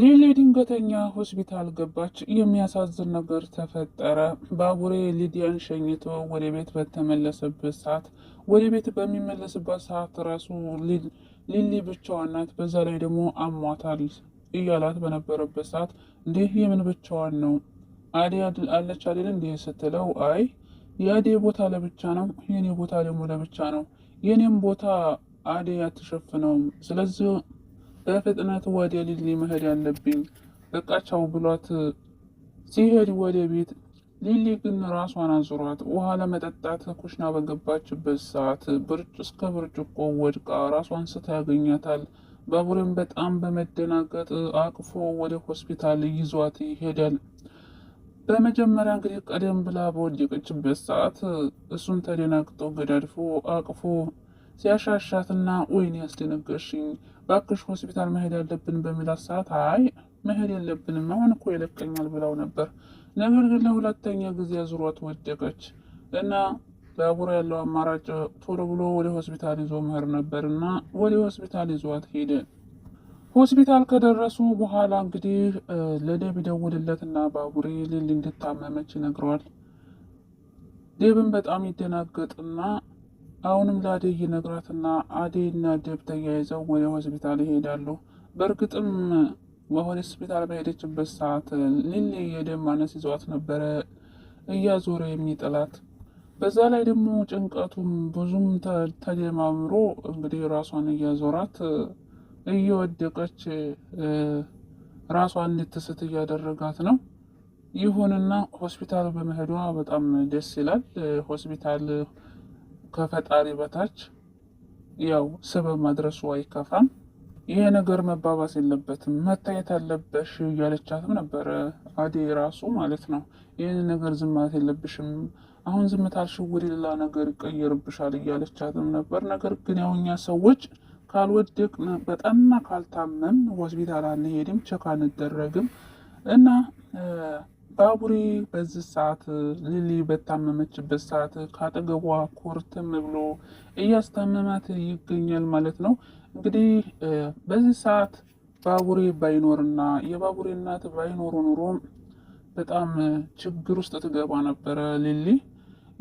ሊሊ ድንገተኛ ሆስፒታል ገባች። የሚያሳዝን ነገር ተፈጠረ። ባቡሬ ሊዲያን ሸኝቶ ወደ ቤት በተመለሰበት ሰዓት ወደ ቤት በሚመለስበት ሰዓት ራሱ ሊሊ ብቻዋን ናት፣ በዛ ላይ ደግሞ አሟታል እያላት በነበረበት ሰዓት እንዲህ የምን ብቻዋን ነው አዴ አለች አይደል እንዲህ ስትለው፣ አይ የአዴ ቦታ ለብቻ ነው፣ የኔ ቦታ ደግሞ ለብቻ ነው። የኔም ቦታ አዴ አትሸፍነውም። ስለዚህ በፍጥነት ወደ ሊሊ መሄድ ያለብኝ በቃቻው ብሏት ሲሄድ ወደ ቤት ሊሊ ግን ራሷን አዙሯት ውሃ ለመጠጣት ኩሽና በገባችበት ሰዓት ብርጭ እስከ ብርጭቆ ወድቃ ራሷን ስታ ያገኛታል። ባቡሬም በጣም በመደናገጥ አቅፎ ወደ ሆስፒታል ይዟት ይሄዳል። በመጀመሪያ እንግዲህ ቀደም ብላ በወደቀችበት ሰዓት እሱን ተደናግጦ ገዳድፎ አቅፎ ሲያሻሻትና ወይኔ ያስደነገሽኝ፣ ባክሽ ሆስፒታል መሄድ ያለብን በሚላት ሰዓት አይ መሄድ የለብንም አሁን እኮ ይለቀኛል ብለው ነበር። ነገር ግን ለሁለተኛ ጊዜ ዙሯት ወደቀች እና ባቡር ያለው አማራጭ ቶሎ ብሎ ወደ ሆስፒታል ይዞ መሄድ ነበር እና ወደ ሆስፒታል ይዟት ሄደ። ሆስፒታል ከደረሱ በኋላ እንግዲህ ለደብ ይደውልለትና ባቡሬ ሊሊ እንድታመመች ይነግረዋል። ደብን በጣም ይደናገጥና አሁንም ለአዴ ይነግራትና አዴይና ደብ ተያይዘው ወደ ሆስፒታል ይሄዳሉ። በእርግጥም ሆስፒታል በሄደችበት ሰዓት ሊሊ የደም ማነስ ይዘዋት ነበረ እያዞረ የሚጥላት። በዛ ላይ ደግሞ ጭንቀቱም ብዙም ተደማምሮ እንግዲህ ራሷን እያዞራት እየወደቀች ራሷን እንድትስት እያደረጋት ነው። ይሁንና ሆስፒታል በመሄዷ በጣም ደስ ይላል። ሆስፒታል ከፈጣሪ በታች ያው ስበብ ማድረሱ አይከፋም። ይሄ ነገር መባባስ የለበትም መታየት አለበሽ እያለቻትም ነበረ አዴ ራሱ ማለት ነው። ይህን ነገር ዝም ማለት የለብሽም አሁን ዝም ታልሽው ወደ ሌላ ነገር ይቀየርብሻል እያለቻትም ነበር። ነገር ግን ያው እኛ ሰዎች ካልወደቅን በጠና ካልታመም ሆስፒታል አንሄድም፣ ቸክ አንደረግም እና ባቡሬ በዚህ ሰዓት ሊሊ በታመመችበት ሰዓት ካጠገቧ ኮርትም ብሎ እያስታመማት ይገኛል ማለት ነው። እንግዲህ በዚህ ሰዓት ባቡሬ ባይኖርና የባቡሬ እናት ባይኖሩ ኑሮ በጣም ችግር ውስጥ ትገባ ነበረ ሊሊ።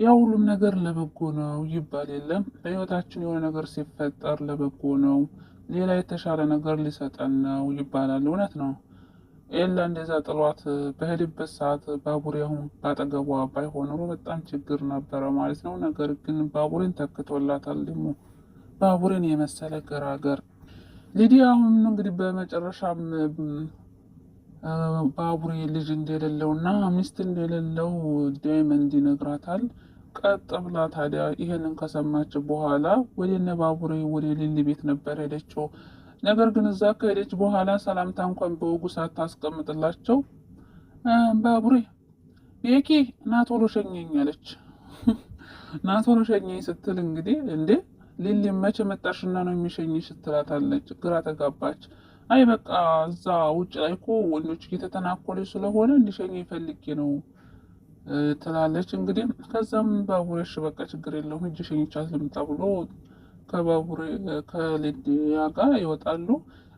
ያ ሁሉም ነገር ለበጎ ነው ይባል የለም። በህይወታችን የሆነ ነገር ሲፈጠር ለበጎ ነው፣ ሌላ የተሻለ ነገር ሊሰጠን ነው ይባላል። እውነት ነው። ኤላ እንደዛ ጥሏት በሄድበት ሰዓት ባቡሬ አሁን ባጠገቧ ባይሆን ኖሮ በጣም ችግር ነበረ ማለት ነው። ነገር ግን ባቡሬን ተክቶላታል። ደግሞ ባቡሬን የመሰለ ገራገር ሊዲያ አሁን እንግዲህ በመጨረሻም ባቡሬ ልጅ እንደሌለው እና ሚስት እንደሌለው ዳይመንድ ይነግራታል። ቀጥ ብላ ታዲያ ይሄንን ከሰማች በኋላ ወደነ ባቡሬ ወደ ሊሊ ቤት ነበር ሄደችው። ነገር ግን እዛ ከሄደች በኋላ ሰላምታ እንኳን በወጉ ሳታስቀምጥላቸው ባቡሬ ቤኪ ና ቶሎ ሸኘኝ አለች። ና ቶሎ ሸኘኝ ስትል እንግዲህ እንዴ ሊሊ መቼ መጣሽና ነው የሚሸኝ ስትላታለች። ግራ ተጋባች። አይ በቃ እዛ ውጭ ላይ እኮ ወንዶች እየተተናኮሉ ስለሆነ እንዲሸኝ ይፈልጌ ነው ትላለች። እንግዲህ ከዛም ባቡሬሽ በቃ ችግር የለውም እጅ ሸኝቻት ልምጣ ብሎ ከባቡር ከሊዲያ ጋር ይወጣሉ።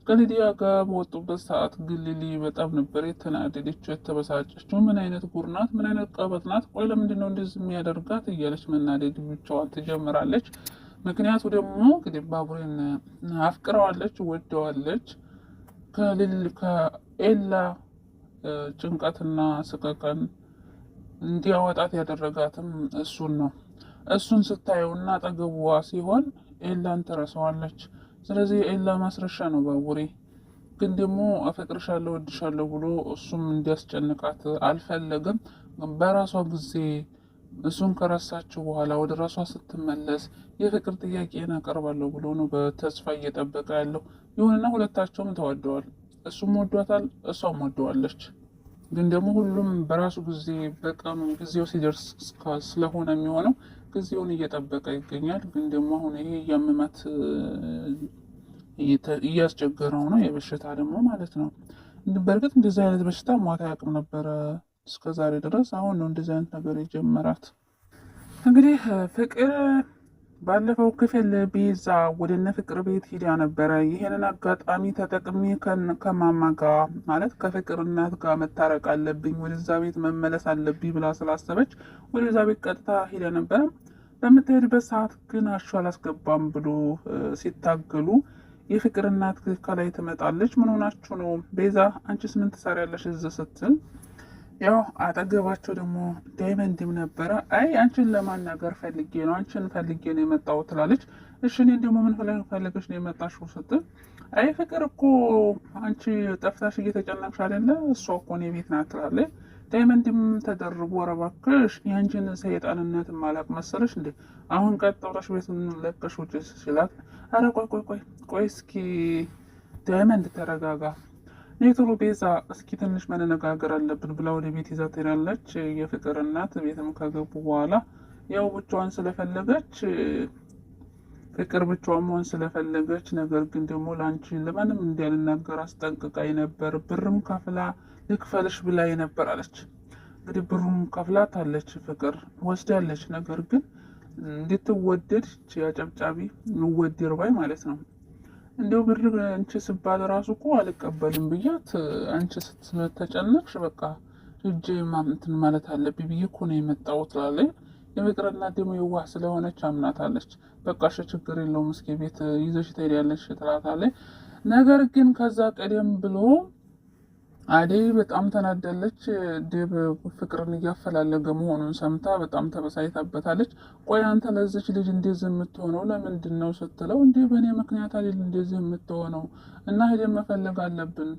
ከሊዲያ ጋር በወጡበት ሰዓት ግሊሊ በጣም ነበር የተናደደችው የተበሳጨችው። ምን አይነት ጉር ናት? ምን አይነት ቀበጥ ናት? ቆይ ለምንድን ነው እንደዚህ የሚያደርጋት? እያለች መናደድ ብቻዋን ትጀምራለች። ምክንያቱ ደግሞ እንግዲህ ባቡሬን አፍቅረዋለች፣ ወደዋለች። ከኤላ ጭንቀትና ስቀቀን እንዲያወጣት ያደረጋትም እሱን ነው። እሱን ስታየውና አጠገቧ ሲሆን ኤላን ትረሳዋለች። ስለዚህ ኤላ ማስረሻ ነው ባቡሬ። ግን ደግሞ አፈቅርሻለሁ፣ ወድሻለሁ ብሎ እሱም እንዲያስጨንቃት አልፈለግም። በራሷ ጊዜ እሱን ከረሳችው በኋላ ወደ ራሷ ስትመለስ የፍቅር ጥያቄን አቀርባለሁ ብሎ ነው በተስፋ እየጠበቀ ያለው። ይሁንና ሁለታቸውም ተዋደዋል። እሱም ወዷታል፣ እሷም ወደዋለች። ግን ደግሞ ሁሉም በራሱ ጊዜ በቀኑ ጊዜው ሲደርስ ስለሆነ የሚሆነው ጊዜውን እየጠበቀ ይገኛል። ግን ደግሞ አሁን ይሄ እያመማት እያስቸገረው ነው የበሽታ ደግሞ ማለት ነው። በእርግጥ እንደዚህ አይነት በሽታ ሟታ ያቅም ነበረ እስከዛሬ ድረስ። አሁን ነው እንደዚህ አይነት ነገር የጀመራት እንግዲህ ፍቅር ባለፈው ክፍል ቤዛ ወደ እነ ፍቅር ቤት ሂዳ ነበረ። ይህንን አጋጣሚ ተጠቅሜ ከማማ ጋ ማለት ከፍቅር እናት ጋር መታረቅ አለብኝ፣ ወደዛ ቤት መመለስ አለብኝ ብላ ስላሰበች ወደዛ ቤት ቀጥታ ሂዳ ነበረ። በምትሄድበት ሰዓት ግን አሹ አላስገባም ብሎ ሲታገሉ የፍቅር እናት ከላይ ትመጣለች። ምን ሆናችሁ ነው ቤዛ አንቺስ ምን ትሰሪያለሽ እዚህ ስትል ያው አጠገባቸው ደግሞ ዳይመንድም ነበረ። አይ አንቺን ለማናገር ፈልጌ ነው አንቺን ፈልጌ ነው የመጣው ትላለች። እሺ እኔን ደግሞ ምን ፍላ ፈለገች ነው የመጣሽው ስትል፣ አይ ፍቅር እኮ አንቺ ጠፍታሽ እየተጨነቅሽ አይደለ እሷ እኮ እኔ ቤት ናት ትላለች። ዳይመንድም ተደርቦ ኧረ እባክሽ የአንቺን ሰይጣንነት ማላቅ መሰለሽ እንዴ አሁን ቀጥ ብለሽ ቤቱን ለቀሽ ውጭ ሲላት፣ ኧረ ቆይ ቆይ ቆይ ቆይ እስኪ ዳይመንድ ተረጋጋ ኔትሮ ቤዛ እስኪ ትንሽ መነጋገር አለብን ብላ ወደ ቤት ይዛ ትሄዳለች። የፍቅር እናት ቤትም ከገቡ በኋላ ያው ብቻዋን ስለፈለገች ፍቅር ብቻዋን መሆን ስለፈለገች ነገር ግን ደግሞ ለአንቺ ለማንም እንዲያልናገር አስጠንቅቃኝ ነበር፣ ብርም ከፍላ ልክፈልሽ ብላይ ነበር አለች። እንግዲህ ብሩም ከፍላታለች ፍቅር ወስዳለች። ነገር ግን እንድትወደድ ያጨብጫቢ ወድ ርባይ ማለት ነው እንደው ብር አንቺ ስባል ራሱ እኮ አልቀበልም ብያት፣ አንቺ ስትተጨነቅሽ በቃ እጅ ማምትን ማለት አለብኝ ብዬ እኮ ነው የመጣሁት ትላለች። የፍቅርናት ደግሞ የዋህ ስለሆነች አምናታለች። በቃ እሺ ችግር የለውም እስኪ ቤት ይዘሽ ትሄዳለሽ ትላታለች። ነገር ግን ከዛ ቀደም ብሎ አዴ በጣም ተናዳለች። ዴብ ፍቅርን እያፈላለገ መሆኑን ሰምታ በጣም ተበሳይታበታለች። ቆይ አንተ ለዚች ልጅ እንደዚህ የምትሆነው ለምንድን ነው ስትለው፣ እንዲህ በእኔ ምክንያት አይደል እንደዚህ የምትሆነው እና ሄደን መፈለግ አለብን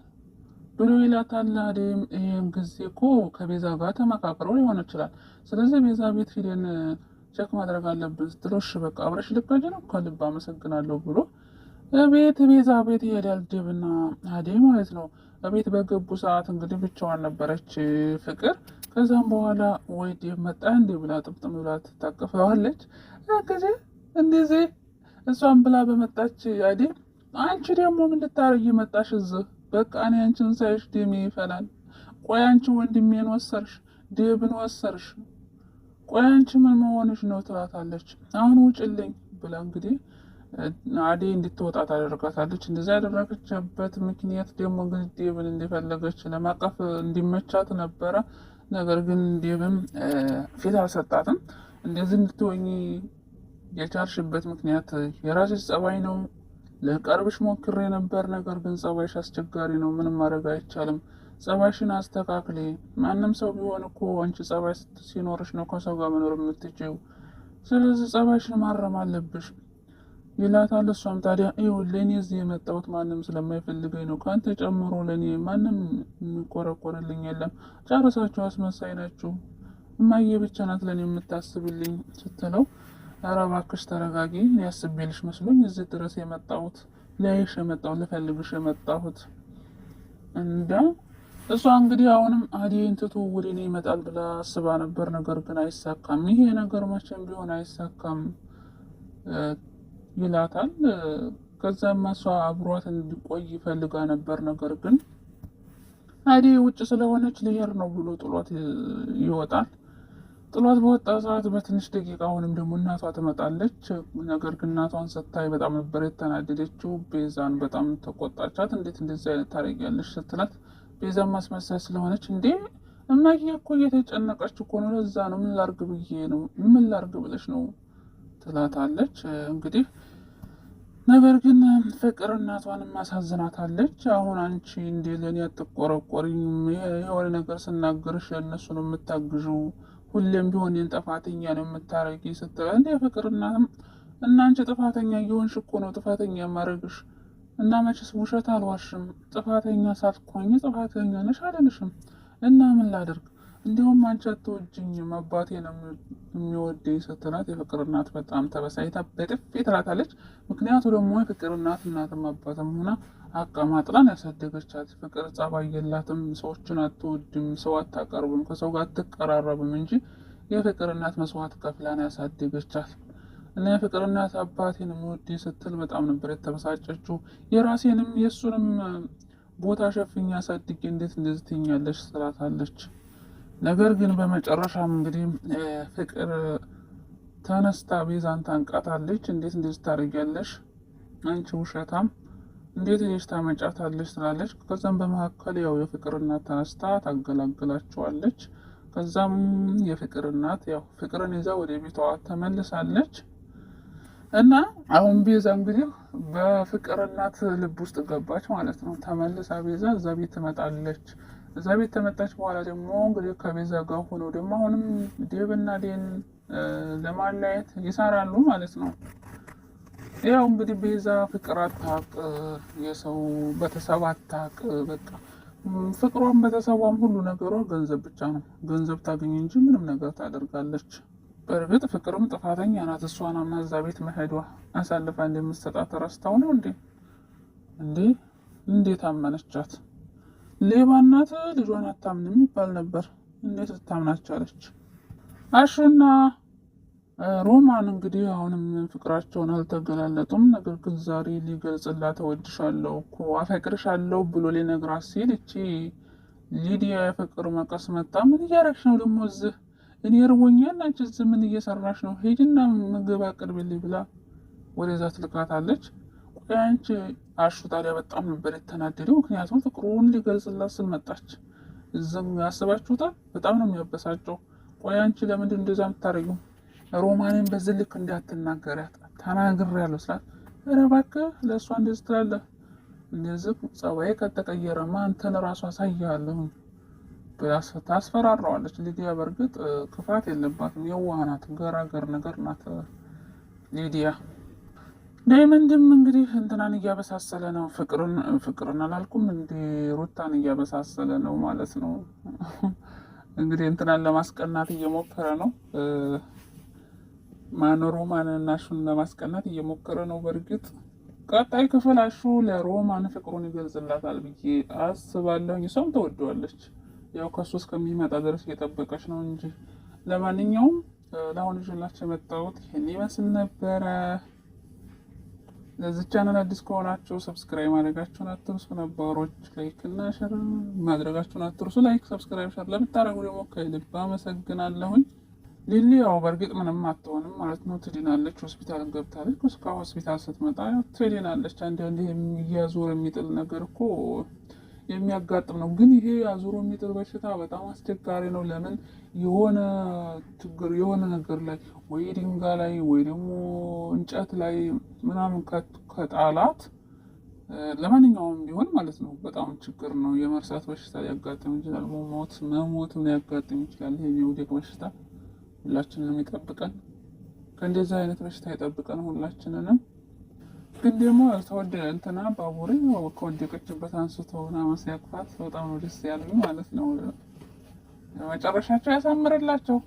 ብሎ ይላታል። አደይም ጊዜ እኮ ከቤዛ ጋር ተመካክረው ሊሆን ይችላል። ስለዚህ ቤዛ ቤት ሂደን ቼክ ማድረግ አለብን ስትለው፣ እሺ በቃ አብረሽ ልካጅ ነው ከልብ አመሰግናለሁ ብሎ ቤት ቤዛ ቤት ይሄዳል ድብና አዴ ማለት ነው። ቤት በገቡ ሰዓት እንግዲህ ብቻዋን ነበረች ፍቅር። ከዛም በኋላ ወይ ዴብ መጣ እንዴ ብላ ጥምጥም ብላ ትታቀፈዋለች። ጊዜ እንደዚህ እሷን ብላ በመጣች አዴ አንቺ ደግሞ ምን ልታረጊ መጣሽ እዚህ? በቃ እኔ አንቺን ሳይሽ ደሜ ይፈላል። ቆይ አንቺ ወንድሜን ወሰርሽ፣ ዴብን ወሰርሽ። ቆይ አንቺ ምን መሆንሽ ነው ትላታለች። አሁን ውጭልኝ ብላ እንግዲህ አዴ እንድትወጣ ታደርጋታለች። እንደዚህ ያደረገችበት ምክንያት ደግሞ ግን ዴብን እንደፈለገች ለማቀፍ እንዲመቻት ነበረ። ነገር ግን ዴብም ፊት አልሰጣትም። እንደዚህ እንድትወኝ የቻልሽበት ምክንያት የራስሽ ጸባይ ነው። ለቀርብሽ ሞክሬ ነበር፣ ነገር ግን ጸባይሽ አስቸጋሪ ነው። ምንም ማድረግ አይቻልም። ጸባይሽን አስተካክሌ። ማንም ሰው ቢሆን እኮ አንቺ ጸባይ ሲኖርሽ ነው ከሰው ጋር መኖር የምትችው። ስለዚህ ጸባይሽን ማረም አለብሽ። ይላታል። እሷም ታዲያ ይኸውልህ ለእኔ እዚህ የመጣሁት ማንም ስለማይፈልገኝ ነው። ከአንተ ጨምሮ ለእኔ ማንም የሚቆረቆርልኝ የለም። ጨርሳችሁ አስመሳይ ናችሁ። እማዬ ብቻ ናት ለእኔ የምታስብልኝ ስትለው ኧረ እባክሽ ተረጋጊ። እኔ መስሎኝ እዚህ ድረስ የመጣሁት ሊያይሽ የመጣሁት ልፈልግሽ የመጣሁት እንዳ እሷ እንግዲህ አሁንም አዴን ትቶ ወደ እኔ ይመጣል ብላ አስባ ነበር። ነገር ግን አይሳካም። ይሄ ነገር መቼም ቢሆን አይሳካም። ይላታል። ከዛም እሷ አብሯት እንዲቆይ ይፈልጋ ነበር። ነገር ግን አደይ ውጭ ስለሆነች ልሄድ ነው ብሎ ጥሏት ይወጣል። ጥሏት በወጣ ሰዓት በትንሽ ደቂቃ አሁንም ደግሞ እናቷ ትመጣለች። ነገር ግን እናቷን ስታይ በጣም ነበር የተናደደችው። ቤዛን በጣም ተቆጣቻት። እንዴት እንደዚህ አይነት ታደርጊያለሽ ስትላት ቤዛን ማስመሳይ ስለሆነች እንዴ እማዬ እኮ እየተጨነቀች እኮ ነው፣ ለዛ ነው ምን ላርግ ብዬ ነው ምን ላርግ ብለሽ ነው ትላታለች። እንግዲህ ነገር ግን ፍቅር እናቷንም አሳዝናታለች። አሁን አንቺ እንዴ ለእኔ አትቆረቆሪም? የሆነ ነገር ስናገርሽ እነሱ ነው የምታግዡ፣ ሁሌም ቢሆን ይህን ጥፋተኛ ነው የምታረጊ ስትል እንዴ ፍቅር እናትም እና ጥፋተኛ እየሆንሽ እኮ ነው ጥፋተኛ የማረግሽ እና መቼስ ውሸት አልዋሽም፣ ጥፋተኛ ሳትኮኝ ጥፋተኛ ነሽ አልልሽም። እና ምን ላደርግ እንዲሁም አንቺ አትወጂኝም አባቴ ነው የሚወደኝ ስትላት የፍቅር እናት በጣም ተበሳይታ በጥፊ ትላታለች። ምክንያቱ ደግሞ የፍቅር እናት እናትም አባትም ሆና አቀማጥላን ያሳደገቻት ፍቅር ጸባይ የላትም። ሰዎችን አትወድም፣ ሰው አታቀርብም፣ ከሰው ጋር አትቀራረብም እንጂ የፍቅር እናት መስዋዕት ከፍላን ያሳደገቻት እና የፍቅር እናት አባቴን የሚወደኝ ስትል በጣም ነበር የተበሳጨችው። የራሴንም የእሱንም ቦታ ሸፍኛ አሳድጌ እንዴት እንደዚህ ትኛለች ነገር ግን በመጨረሻም እንግዲህ ፍቅር ተነስታ ቤዛን ታንቃታለች። እንዴት እንደዚህ ታደርጊያለሽ አንቺ ውሸታም እንዴት ልጅ ታመጫታለች ትላለች። ከዛም በመካከል ያው የፍቅር እናት ተነስታ ታገላግላቸዋለች። ከዛም የፍቅር እናት ያው ፍቅርን ይዛ ወደ ቤቷ ተመልሳለች። እና አሁን ቤዛ እንግዲህ በፍቅር እናት ልብ ውስጥ ገባች ማለት ነው። ተመልሳ ቤዛ እዛ ቤት ትመጣለች። እዛ ቤት ከመጣች በኋላ ደግሞ እንግዲህ ከቤዛ ጋር ሆኖ ደግሞ አሁንም ዴብና ዴን ለማለያየት ይሰራሉ ማለት ነው። ያው እንግዲህ ቤዛ ፍቅር አታቅ የሰው በተሰብ አታቅ በቃ ፍቅሯን በተሰቧም ሁሉ ነገሯ ገንዘብ ብቻ ነው። ገንዘብ ታገኝ እንጂ ምንም ነገር ታደርጋለች። በእርግጥ ፍቅርም ጥፋተኛ ናት። እሷን አምና እዛ ቤት መሄዷ አሳልፋ እንደምትሰጣት ረስታው ነው እንዴ? እንዴ እንዴት አመነቻት? ሌባ እናት ልጇን አታምንም ይባል ነበር። እንዴት ልታምናቸው አለች። አሹና ሮማን እንግዲህ አሁንም ፍቅራቸውን አልተገላለጡም። ነገር ግን ዛሬ ሊገልጽላ እወድሻለሁ እኮ አፈቅርሻለሁ ብሎ ሊነግራት ሲል እቺ ሊዲያ የፍቅር መቀስ መጣ። ምን እያረግሽ ነው ደግሞ እዚህ? እኔ እርቦኛል፣ አንቺ እዚህ ምን እየሰራሽ ነው? ሄጅና ምግብ አቅርቢልኝ ብላ ወደዛ ትልቃታለች። ያንቺ አሹ ታዲያ በጣም ነበር የተናደደው። ምክንያቱም ፍቅሩን ሊገልጽላት ስልመጣች ዝም ያስባችሁታል። በጣም ነው የሚያበሳጨው። ቆይ አንቺ ለምንድን እንደዛ የምታደርጊው? ሮማንን በዚህ ልክ እንዳትናገሪያት ተናግሬያለሁ ስላት፣ ኧረ እባክህ ለእሷ እንደዚህ ትላለህ? እንደዚህ ጸባዬ ከተቀየረማ አንተን ራሱ አሳያለሁ ታስፈራራዋለች። ሊዲያ በእርግጥ ክፋት የለባትም የዋህ ናት፣ ገራገር ነገር ናት ሊዲያ ዳይመንድም እንግዲህ እንትናን እያበሳሰለ ነው። ፍቅርን አላልኩም እንዲ ሩታን እያበሳሰለ ነው ማለት ነው። እንግዲህ እንትናን ለማስቀናት እየሞከረ ነው። ማኖሮማንና ሹን ለማስቀናት እየሞከረ ነው። በእርግጥ ቀጣይ ክፍል አሹ ለሮማን ፍቅሩን ይገልጽላታል ብዬ አስባለሁኝ። እሷም ተወደዋለች። ያው ከሱ እስከሚመጣ ድረስ እየጠበቀች ነው እንጂ። ለማንኛውም ለአሁን ይዤላችሁ የመጣሁት ይህን ይመስል ነበረ። ለዚህ ቻናል አዲስ ከሆናችሁ ሰብስክራይብ ማድረጋችሁን አትርሱ። ነባሮች ላይክ እና ሸር ማድረጋችሁን አትርሱ። ላይክ፣ ሰብስክራይብ፣ ሸር ለምታደርጉ ደግሞ ከልብ አመሰግናለሁኝ። ሊሊ ያው በእርግጥ ምንም አትሆንም ማለት ነው። ትድናለች። ሆስፒታል ገብታለች። እስካ ሆስፒታል ስትመጣ ትድናለች። አንዳንድ የሚያዞር የሚጥል ነገር እኮ የሚያጋጥም ነው። ግን ይሄ አዙሮ የሚጥል በሽታ በጣም አስቸጋሪ ነው። ለምን የሆነ ችግር የሆነ ነገር ላይ ወይ ድንጋይ ላይ ወይ ደግሞ እንጨት ላይ ምናምን ከጣላት ለማንኛውም ቢሆን ማለት ነው በጣም ችግር ነው። የመርሳት በሽታ ሊያጋጥም ይችላል። ሞት መሞትም ሊያጋጥም ይችላል። ይሄ የውደቅ በሽታ ሁላችንንም ይጠብቀን። ከእንደዚህ አይነት በሽታ ይጠብቀን ሁላችንንም። ግን ደግሞ ተወደ እንትና ባቡሬ ከወደቀችበት አንስተውና መሳያቅፋት በጣም ደስ ያለ ማለት ነው። መጨረሻቸው ያሳምርላቸው።